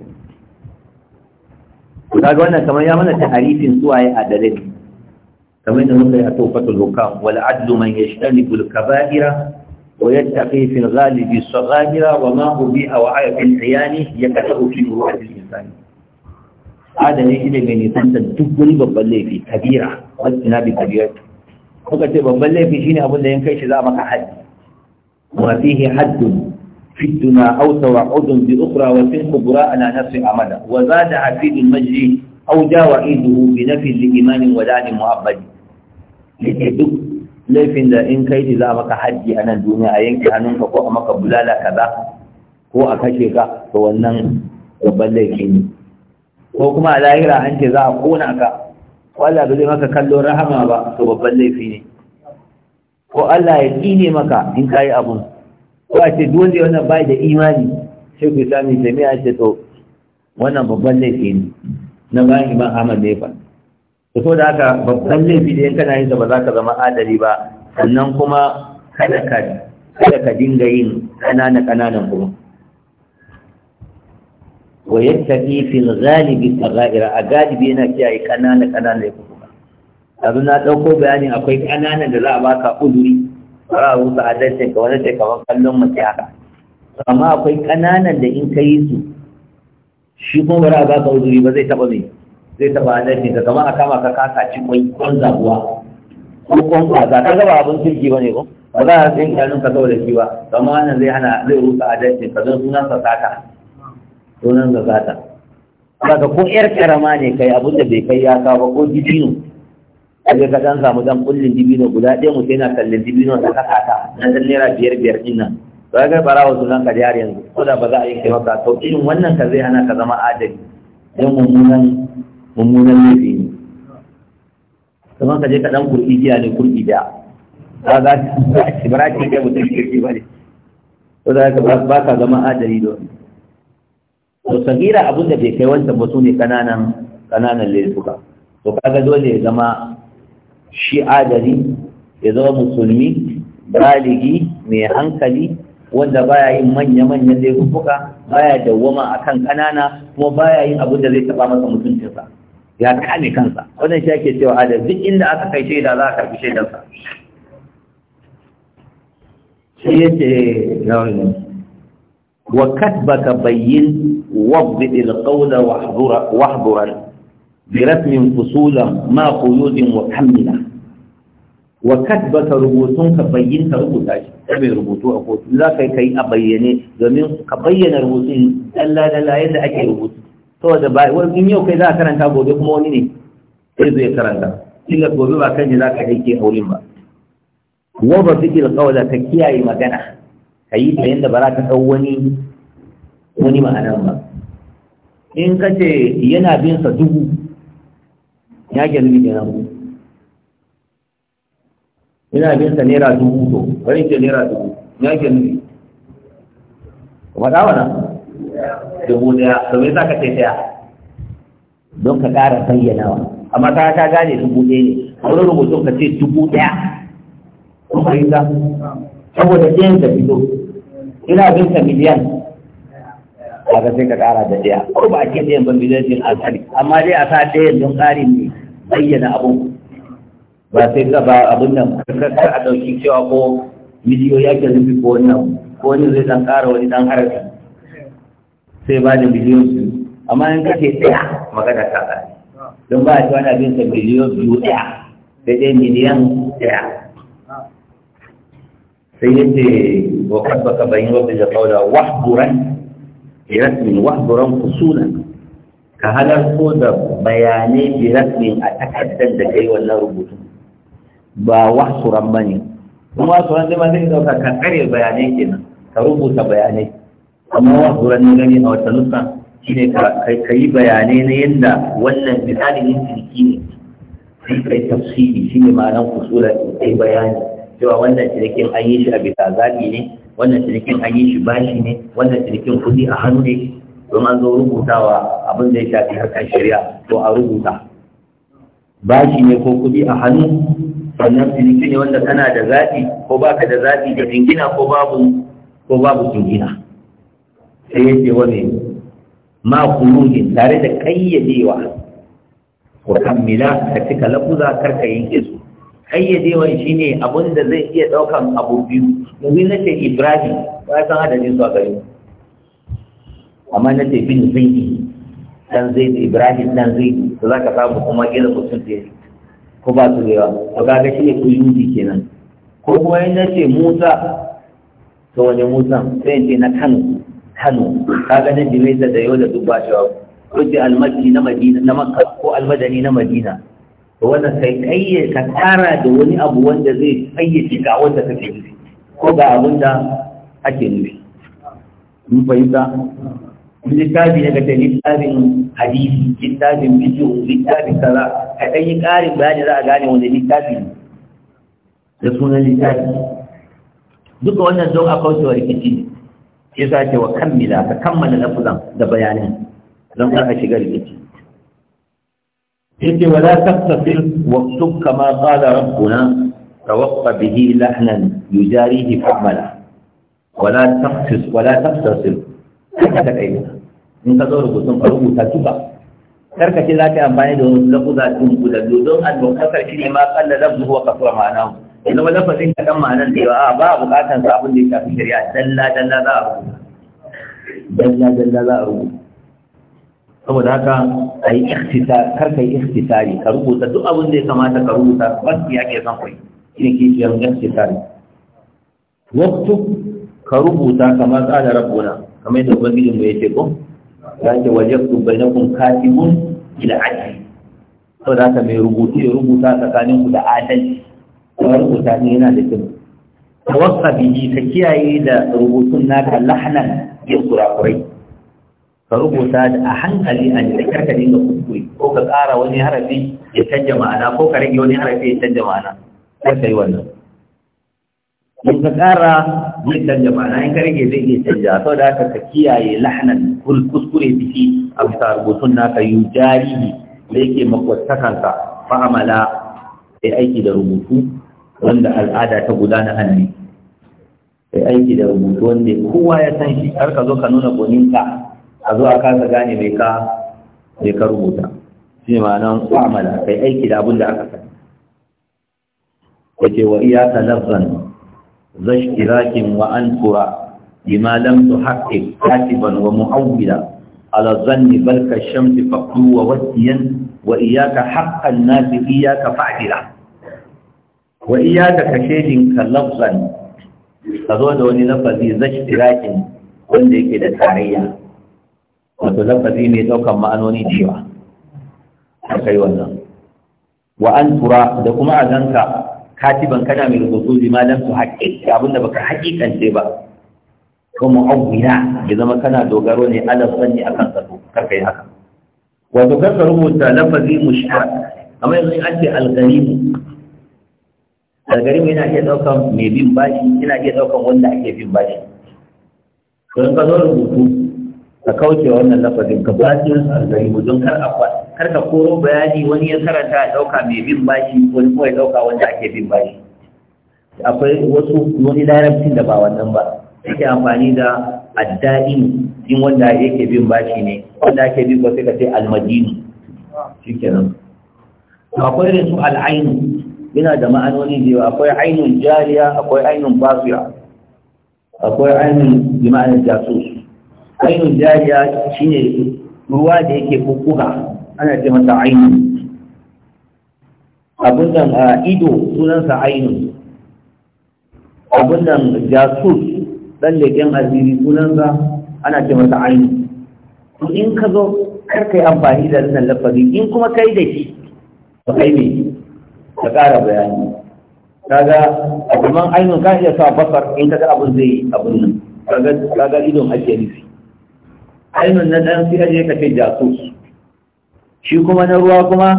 ba ga wannan kamar ya mana ta'arifin suwaye adalai kamar da muka yi a tofatul hukam wal adlu man yashtanibu al kaba'ira ويتقي wa الغالب الصغائر وما أبيع وعيب العيان يكتب في مروءة الإنسان adali shi ne mai da duk wani babban laifi kabira wasu na bi kabira kuka ce babban laifi ne abin da kai shi za maka haddi wa fihi haddun في الدنا أو توعد بأخرى وتلك براءنا نفس عملا وزاد حفيد المجري أو جاء وعيده بنفي لإيمان muhabbadi مؤبد Duk laifin da in kai shi za maka hajji a nan duniya a yanke hannunka ko a maka bulala kaza ko a kashe ka to wannan babban laifi ne ko kuma a lahira an ce za a kona ka wala ba zai maka kallo rahama ba to babban laifi ne ko Allah ya tsine maka in ka yi abun ko a ce wanda wannan bai da imani sai ku sami jami'a ce to wannan babban laifi ne na bayan imam Ahmad ne fa to so da haka babban laifi da in kana yin sa ba za ka zama adali ba sannan kuma kada ka kada ka dinga yin ƙananan ƙananan kuma wa yattaqi fil ghalibi sagaira a galibi yana kiyaye kanana kanana ya kuma yanzu na dauko bayanin akwai kanana da za a baka uzuri ba a rusa adalcin ka wani sai kamar kallon mu mace haka amma akwai kananan da in ka yi su shi kuma bara za ka uzuri ba zai taba mai zai taba adalci ka kama a kama ka kasa ci kwai kwan zabuwa ko kwan kwaza ka gaba abin kirki ba ne ko ba za a tsinka ka saboda shi ba kama wannan zai hana zai rusa adalci ka don sunan sa sata sunan ga gata kaga ko yar karama ne kai abin da bai kai ya kawo ko dibino kaje ka dan samu dan kullin dibino guda ɗaya mu na kallin dibino da ka kata na dan naira biyar biyar din nan to ga barawa sunan ka jari yanzu ko da ba za a yi kai maka to irin wannan ka zai hana ka zama adali dan mummunan mummunan laifi ne kuma ka je ka dan kurki jiya ne kurki da ba za ki ba ki ga mutum kirki ba ne ko da ba ka zama adali don. to sagira abin da bai kai wancan ba sune kananan ƙananan laifuka to kaga dole ya zama shi adali ya zama musulmi baligi mai hankali wanda baya yin manya-manyan laifuka baya dawwama akan kanana kuma baya yin abun da zai taba masa mutuncinsa ya kame kansa wannan shi ake cewa adali duk inda aka kai shaida za a karbi shaidansa. shi yace وكتبك بين وضع القول واحضرا برسم فصولا ما قيود وكملا وكتبك ربوتون كبين كربوتا أبي ربوتو أقول لا كي كي أبيني دومين كبين ربوتين ألا لا لا يدعى كي ربوت to da ba wani yau kai za a karanta gobe kuma wani ne sai zai karanta kila gobe ba kan ne za ka aiki a wurin ba wa ba fikir kawai ka yi ta yadda ba za ta ɗau wani wani ma'anar ba in ka ce yana bin sa dubu ya ke nufi kenan yana bin sa naira dubu to bari ce naira dubu ya ke nufi ta wana dubu ɗaya me za ka ce ɗaya don ka ƙara wa amma ta ta gane dubu ɗaya ne a wurin rubutun ka ce dubu ɗaya kuma yi ta, saboda ɗayan ka fito ina bin sa miliyan kaga sai ka kara da daya ko ba ake da ban miliyan jin asali amma dai a sa daya don kari ne bayyana abu ba sai ka ba abun nan kar a dauki cewa ko miliyoyi ake nufi ko wannan ko wani zai dan kara wani dan harafi sai ba da miliyan su amma in kace daya magana ta ƙari. don ba a ci wani abin sa miliyan biyu daya sai dai miliyan daya sai yace wa kasbaka bayin rabbi da qawla wahburan bi rasmin wahburan fusulan ka halarto da bayanai bi rasmin a takardan da kai wannan rubutu ba wahsuran bane kuma wahsuran dai ma zai dauka ka tsare bayanai kenan ka rubuta bayanai amma wahsuran ne gani a wata nuska shine ka yi bayanai na yadda wannan misalin yin ne sai ka yi tafsiri shine ma'anar fusulan bayani cewa wannan cinikin an yi shi a bisa zaɓi ne wannan cinikin an yi shi bashi ne wannan cinikin kuɗi a hannu ne don an zo rubutawa abin da ya shafi harkar shari'a to a rubuta bashi ne ko kuɗi a hannu sannan ciniki ne wanda kana da zaɓi ko baka da zaɓi da jingina ko babu ko babu jingina sai ya ce wani ma kuruhin tare da kayyadewa ko kammila ka cika lafuza karka yanke su kayyadewan shi ne abin da zai iya ɗaukan abu biyu domin na ce ibrahim ba san adadin su a gari amma na ce bin zaidi dan zaidi ibrahim dan zaidi da za ka samu kuma gina mutum ɗaya ko ba su da yawa to gashi shi ne kuyuti kenan ko kuma in na ce musa to wani musa sai ce na kano kano kaga na jimaita da yau da duk ba shi wa ko ce almaki na madina na makka ko almadani na madina da wannan kai kayyar ka tara da wani abu wanda zai fayyace ga wanda kake nufi ko ga abin da ake nufi mun fahimta littafin ya kace littafin hadisi littafin bidiyo littafin kaza ka dan yi karin bayani za a gane wanda littafi da sunan littafi duka wannan don a kaucewa rikici ya sace wa kammila ka kammala lafuzan da bayanin don kar a shiga rikici yace wala taqtasil waqtuk kama qala rabbuna tawaqqa bihi lahnan yujarihi fa'mala wala taqtis wala taqtasil kada kai in ka zo rubutun ka rubuta tuka karka ce za ka yi amfani da wasu lafuza cikin gudallu don al-muqtasar shine ma qalla lafzuhu wa kasura ma'anahu idan wani lafazin ɗan ma'anar da yawa ba a buƙatar sa abin da ya shafi shari'a dalla dalla za a rubuta dalla dalla za a rubuta saboda haka a yi kar ka yi ikhtisari ka rubuta duk abin da ya kamata ka rubuta wasu ya ke san kwai ina ke ciyar ikhtisari waktu ka rubuta kamar tsada rabbuna kamar yadda ubangijin mu ce ko ya ce wajabtu bainakum katibun ila aji saboda haka mai rubutu ya rubuta tsakanin ku da adalci ka rubuta ne yana da kyau tawaffa bihi ka kiyaye da rubutun naka lahnan yin kurakurai ka rubuta da a hankali a jiki karka dinga kuskure ko ka ƙara wani harafi ya canja ma'ana ko ka rage wani harafi ya canja ma'ana sai ka yi wannan in ka ƙara ya canja ma'ana in ka rage zai iya canja sau da haka ka kiyaye lahanan kuskure biki a bisa rubutun naka yi jarihi da yake makwattakanka fa'amala sai aiki da rubutu wanda al'ada ta gudana hannu sai aiki da rubutu wanda kowa ya san shi har ka zo ka nuna goninka a zuwa kasa gane mai ka mai ka rubuta shi ne ma'anan amala kai aiki da abin da aka sani yace wa iyaka lafzan zashkirakin wa an tura bima lam haƙƙi katiban wa mu'awwila ala zanni bal ka shamsi faqdu wa wasiyan wa iyaka haqqan nasi iyaka fa'dila wa iyaka kashedin ka lafzan ka zo da wani lafazi zashkirakin wanda yake da tarayya wato lafazi mai ɗaukan ma'anoni cewa? yawa aka yi wannan wa an tura da kuma a zanka katiban kana mai rubutu bi ma dan su abin da baka haƙiƙance ba ko mu'awwila ya zama kana dogaro ne ala sanni akan sato karka yi haka wato karka rubuta lafazi mushkak amma yanzu an ce algarimu algarimu yana iya ɗaukan mai bin bashi yana iya ɗaukan wanda ake bin bashi to in ka zo rubutu ka kauce wannan lafazin ka bashi su algarimu don kar akwa kar ka koro bayani wani ya karanta ya dauka mai bin bashi wani kuma ya dauka wanda ake bin bashi akwai wasu wani larabcin da ba wannan ba yake amfani da adda'in din wanda yake bin bashi ne wanda ake bin ba sai ka ce almadini shikenan akwai da su al'ainu yana da ma'anoni da yawa akwai ainun jariya akwai ainun basira akwai ainun bi jasusu ainun jariya shi ne ruwa da yake kukuka ana ce masa ainun abin nan ido sunansa ainun abinnan nan jasus dan leken aziri sunansa ana ce masa ainun to in ka zo kar ka yi amfani da wannan lafazi in kuma kai da shi ba kai ne ka ƙara bayani kaga a kaman ainun ka iya sa basar in kaga abin zai abin nan kaga idon ake nufi ainihin na ɗan sai aje ka ce jasus shi kuma na ruwa kuma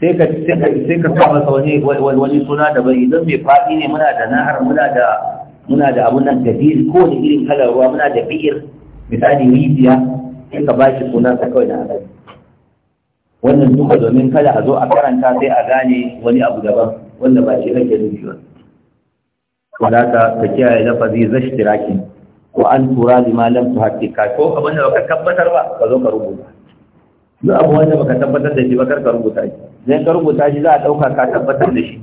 sai ka sai ka sa masa wani wani suna bari, don mai faɗi ne muna da nahar muna da muna da abun nan gadir ko da irin kalar ruwa muna da bi'ir misali rijiya sai ka bashi suna ta kawai na asali wannan duka domin kada a zo a karanta sai a gane wani abu daban wanda ba shi kake nufi ba wadata ka kiyaye lafazi tirakin. ko an tura lima lam ka ko abin da baka tabbatar ba ka zo ka rubuta duk abu wanda baka tabbatar da shi ba kar ka rubuta shi zai ka rubuta shi za a dauka ka tabbatar da shi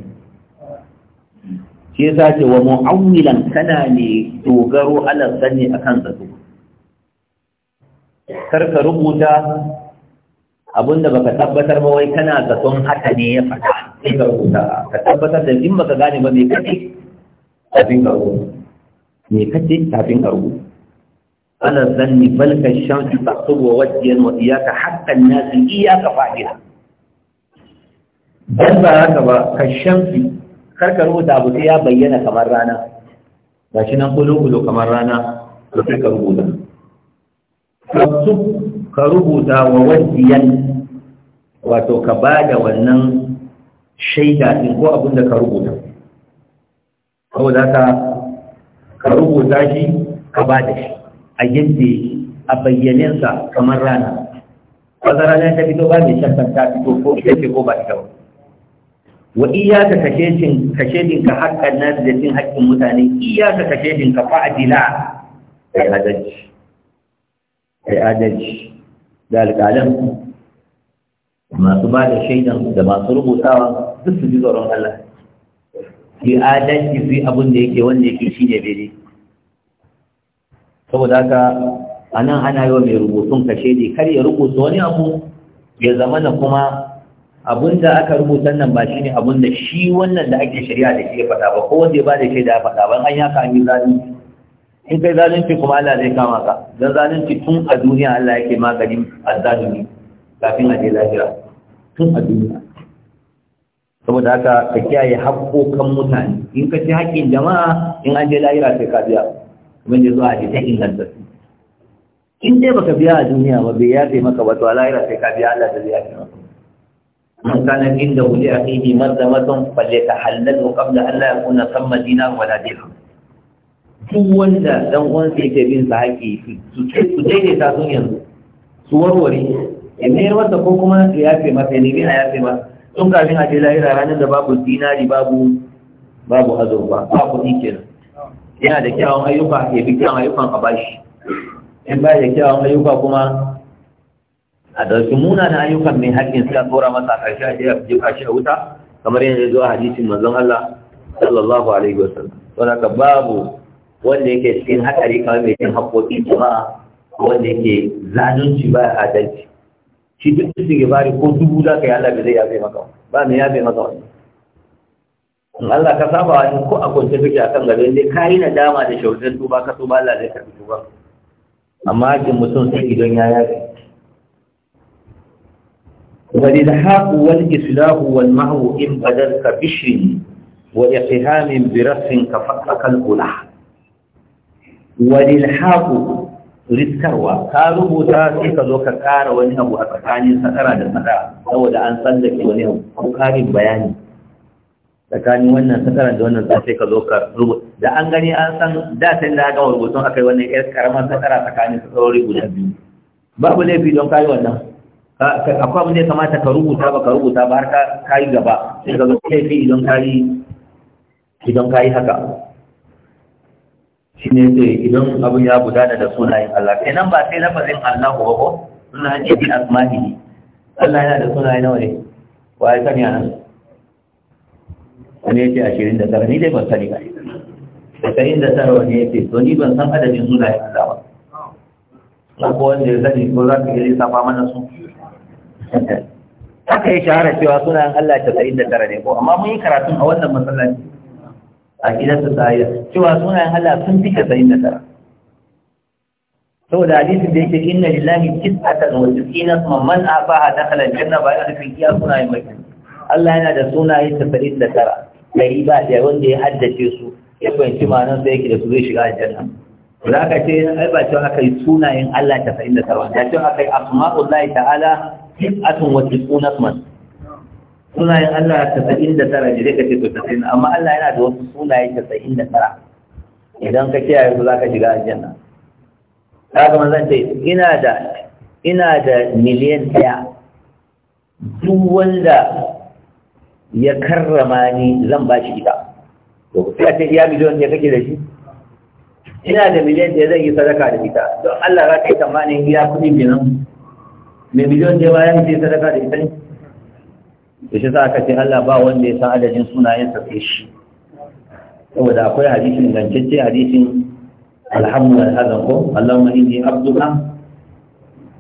shi yasa ce wa mu'awilan kana ne dogaro ala sani akan zato kar ka rubuta da baka tabbatar ba wai kana zaton haka ne ya faɗa sai ka rubuta ka tabbatar da in baka gane ba mai kaɗai abin ka rubuta me kace kafin a rubuta ala zanni balka ta taqwa wajhan wa iyaka haqqan nasi iyaka fa'ila dan ba haka ba ka shanti kar ka rubuta abu sai ya bayyana kamar rana gashi nan kulukulu kamar rana to sai ka rubuta faktub ka rubuta wa wajhan wato ka bada wannan shaida din ko abin da ka rubuta saboda ka ka rubuta shi ka ba da shi a yadda a bayyanensa kamar rana bazara ne ta fito ba mai shakkan ta fito ko ita ce ko ba ita ba wa iyaka kashedin kashedin ka haƙƙan na da cin haƙƙin mutane iyaka kashedin ka fa'adila kai adalci kai adalci da alƙalan masu ba da shaidan da masu rubutawa duk su ji tsoron Allah bi adalci su abun abin da yake wanda yake shi ne daidai saboda haka a nan ana yau mai rubutun kashe ne, kar ya rubuta wani abu ya zama na kuma abin da aka rubuta nan ba shi ne abin da shi wannan da ake shari'a da shi ya faɗa ba ko wanda ya ba da shaida ya faɗa ban an yaka an yi zalunci in kai zalunci kuma Allah zai kama ka don zalunci tun a duniya Allah yake maganin azzalumi kafin a je lahira tun a duniya saboda haka ka kiyaye haƙoƙan mutane in ka ci haƙƙin jama'a in an je lahira sai ka biya kuma da zuwa ta inganta su in dai baka biya a duniya ba bai yafe maka ba to a lahira sai ka biya Allah da zai yafe maka man kana inda wuli akhihi mazlamatun falyatahallalu Allah ya kuna yakuna thamma dinar wala dirham duk wanda dan sai ke bin sa haƙƙi su daidaita sun yanzu su warware ya mayar masa ko kuma ya yafe masa ya nemi a yafe masa tun kafin a ce lahira ranar da babu dinari babu babu azurfa ba kuɗi kenan yana da kyawun ayyuka ya bi kyawun ayyukan a bashi in ba da kyawun ayyuka kuma a ɗauki munanan ayyukan mai haƙƙin suka tsora masa a ƙarshe a je a jefa shi a wuta kamar yadda ya zo a hadisin manzon Allah sallallahu alaihi wasallam don ka babu wanda yake cikin haɗari kamar mai cin haƙoƙi jama'a wanda yake zalunci ba adalci shi duk da suke bari ko dubu za ka yi Allah bai zai yafe maka ba ne yafe maka wani in Allah ka saba wa ko a kwanci suke a kan gado inda ka yi na dama da shautar su ba ka so ba Allah zai karfi su ba amma hakin mutum sai idan ya yafe Wani da haqu wani islahu wal mahu in badalka bishrin wa ihtihamin bi rafin ka faqa kal ulah wa lil riskarwa ka rubuta sai ka zo ka ƙara wani abu a tsakanin sakara da sakara saboda an san da ke wani abu ko karin bayani tsakanin wannan sakara da wannan sai ka zo ka rubuta da an gani an san da sai da ga rubutun akai wannan ƴar karamar sakara tsakanin sakarori guda biyu babu laifi don kayi wannan akwai abin da ya kamata ka rubuta ba ka rubuta ba har ka yi gaba sai ka zo laifi idan ka idan kai haka shi ne sai idan abin ya gudana da sunayen Allah sai nan ba sai lafazin Allah ba ko suna ne bi asma'i Allah yana da sunaye nawa ne wa ya sani anan wani ce ashirin da tara ni dai ban sani ba ashirin da tara wani yace to ni ban san adadin sunayen Allah ba ko wanda ya sani ko za ka iya lissafa mana su haka ya shahara cewa sunayen Allah casa'in tara ne ko amma mun yi karatun a wannan masallaci a gidansu tsariya cewa sunayen Allah sun fi casa'in da tara saboda hadisin da yake inna lillahi tis'atan wa tis'ina kuma man afaha dakhala janna ba yana nufin iya sunayen mai Allah yana da sunayen casa'in da tara yi ba ɗaya wanda ya haddace su ya fahimci ma'anar sai yake da su zai shiga janna. Da ka ce ai ba cewa aka yi sunayen Allah casa'in da tara da cewa aka yi asma'ullahi ta'ala tis'atun wa tis'una man sunayen Allah tasa'in da tara ne zai ka ce to tasa'in amma Allah yana da wasu sunaye tasa'in da tara idan ka kiyaye su za ka shiga aljanna ta ga manzan ce ina da ina da miliyan ɗaya duk wanda ya karrama ni zan ba shi ita to sai a ce ya miliyan ne kake da shi ina da miliyan ɗaya zan yi sadaka da ita don Allah za ka yi tsammanin iya kuɗi biyan mai miliyan ɗaya bayan yi sadaka da ita ne da shi za ka ce Allah ba wanda ya san adadin sunayen sa sai shi saboda akwai hadisin gancacce hadisin alhamdu wal hazan ko Allahumma inni abduka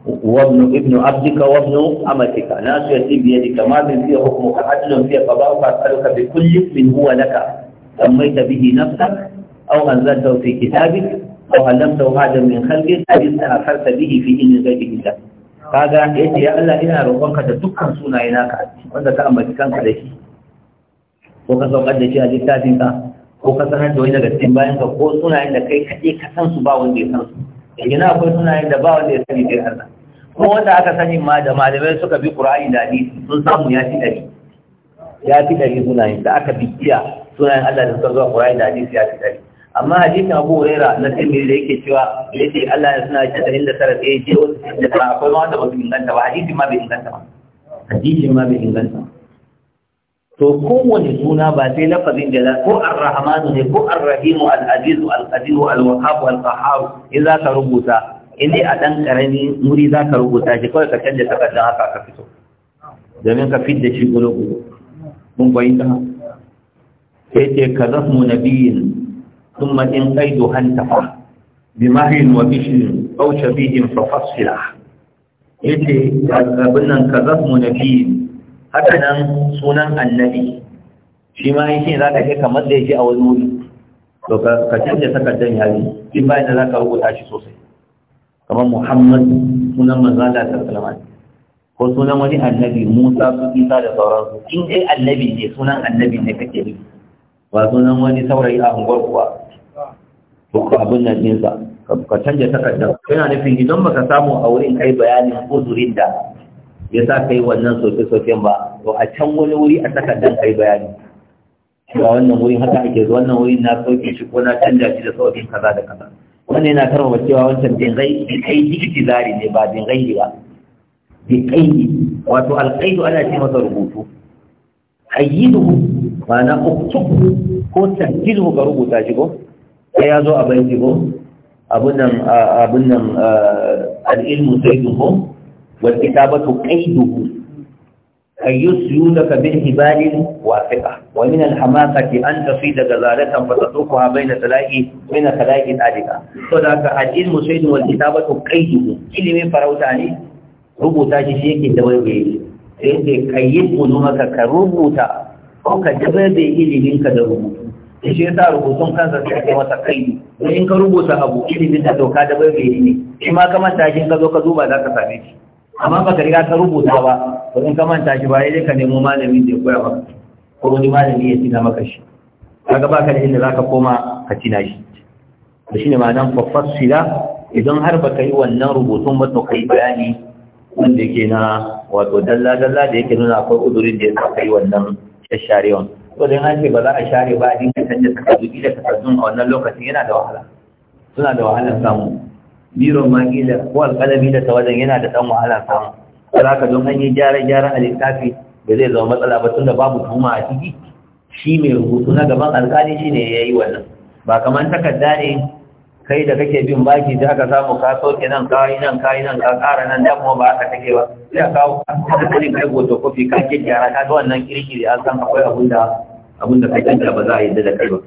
wa ibnu ibnu abdika wa ibnu amatika nasu yati bi yadika ma bin fiya hukmuka adlun fiya qada'uka as'aluka bi kulli min huwa laka sammaita bihi nafsak أو أنزلته في كتابك أو علمته أحدا من خلقك أو استأثرت به في علم غيب كتابك kaga ce ya Allah ina roƙonka da dukkan sunaye naka wanda ka ambaci kanka da shi ko ka saukar da shi a littafin ka ko ka sanar da wani daga cikin bayan ka ko sunayen da kai kaɗai ka san su ba wanda ya san su na akwai sunayen da ba wanda ya sani sai Allah ko wanda aka sani ma da malamai suka bi Qur'ani da hadisi sun samu ya fi ɗari ya fi ɗari sunayen da aka bi iya sunayen Allah da suka zuwa Qur'ani da hadisi ya fi ɗari amma hadisin abu huraira na tirmidhi da yake cewa yace Allah ya suna ta da tara sai je wasu da tara akwai ma wanda inganta ba hadisin ma bai inganta ba hadisin ma bai inganta to kowane suna ba sai lafazin da ko ar-rahman ne ko ar-rahim al-aziz al-qadir al-wahhab al-qahhar idan ka rubuta indai a dan karami muri za ka rubuta shi kawai ka canja takardar haka ka fito domin ka fidda shi gulo gulo mun bayyana sai ce kazafmu nabiyin ثم إن قيدها انتفع بمهل وبشر أو شبيه ففصلا يتي أبنا كذب نبي هكذا سنن النبي شما يشي ذاك هيك مدى يجي أول مولي to ka canja takardar yari in bayan da za ka rubuta shi sosai kamar muhammad sunan ko sunan wani annabi musa su isa da sauransu in dai annabi ne sunan annabi ne kake ne ba sunan wani saurayi a unguwar kuwa ko abin nan ɗinsa ka canja takardar yana nufin idan baka samu a wurin kai bayanin uzurin da ya sa kai wannan soke-soken ba to a can wani wuri a takardar kai bayani cewa wannan wurin haka ake zuwa wannan wurin na sauke shi ko na canja shi da sauƙin kaza da kaza wannan yana ba cewa wancan bin gai bin kai jikiti zari ne ba bin gai ba bin kai wato alƙaidu ana ce masa rubutu ayyiduhu ma'ana uktubu ko tanjilu ka rubuta shi ko sai ya zo a banki ko abunan abunan al'ilmu saidun ko wal kitabatu qaiduhu ayyusyunaka bil hibalin wafiqa wa min al hamasati an tasida gazalatan fatatukuha bayna talaqi min talaqi ɗalika. to da ka al ilmu sayyidun wal kitabatu dubu, ilimi farauta ne rubuta shi shi yake bai sai ka yi ulumaka ka rubuta ko ka dawaye ilimin ka da rubutu sai shi yasa rubutun kansa sai ka masa kai ne in ka rubuta abu ilimin da doka da bai bai ne shi ma ka manta shi ka zo ka duba za ka same shi amma baka riga ka rubuta ba to in ka manta shi ba dai ka nemo malamin da ya koya maka ko wani malami ya tina maka shi kaga baka da inda zaka koma ka tina shi to shine ma'anar fafasila idan har baka yi wannan rubutun ba to kai bayani wanda yake na wato dalla dalla da yake nuna akwai udurin da ya sa kai wannan shasharewan to dan an ce ba za a share ba a dinka canja takardu da takardun a wannan lokacin yana da wahala suna da wahalar samu biro ma kila ko alƙalami da tawadan yana da ɗan wahalar samu za ka don an yi gyara gyare a littafi da zai zama matsala ba tunda babu tuhuma a ciki shi mai rubutu na gaban alƙali shi ne ya yi wannan ba kamar takarda ne kai da kake bin baki da aka samu ka sauke nan ka yi nan ka yi nan ka ƙara nan da kuma ba aka take ba sai a kawo ka kalin kai goto kofi ka ke gyara ka ga wannan kirki da an san akwai abun da abun da kai ba za a yi da kai ba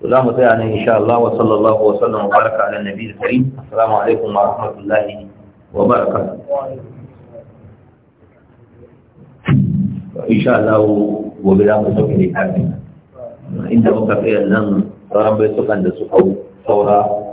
to za mu tsaya nan insha Allah wa sallallahu wa sallam wa baraka ala nabi karim assalamu alaikum wa rahmatullahi wa barakatuh insha Allah gobe za mu sauke ne kafin inda muka tsaya nan sauran bai sukan da su hau. saura